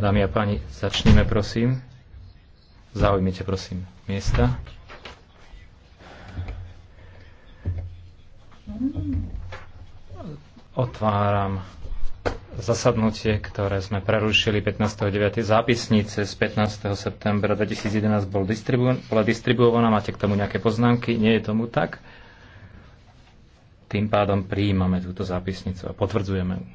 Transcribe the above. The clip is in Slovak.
Dámy a páni, začníme prosím. Zaujmite prosím miesta. Otváram zasadnutie, ktoré sme prerušili 15.9. Zápisnice z 15. septembra 2011 bol distribu- bola distribuovaná. Máte k tomu nejaké poznámky? Nie je tomu tak? Tým pádom prijímame túto zápisnicu a potvrdzujeme ju.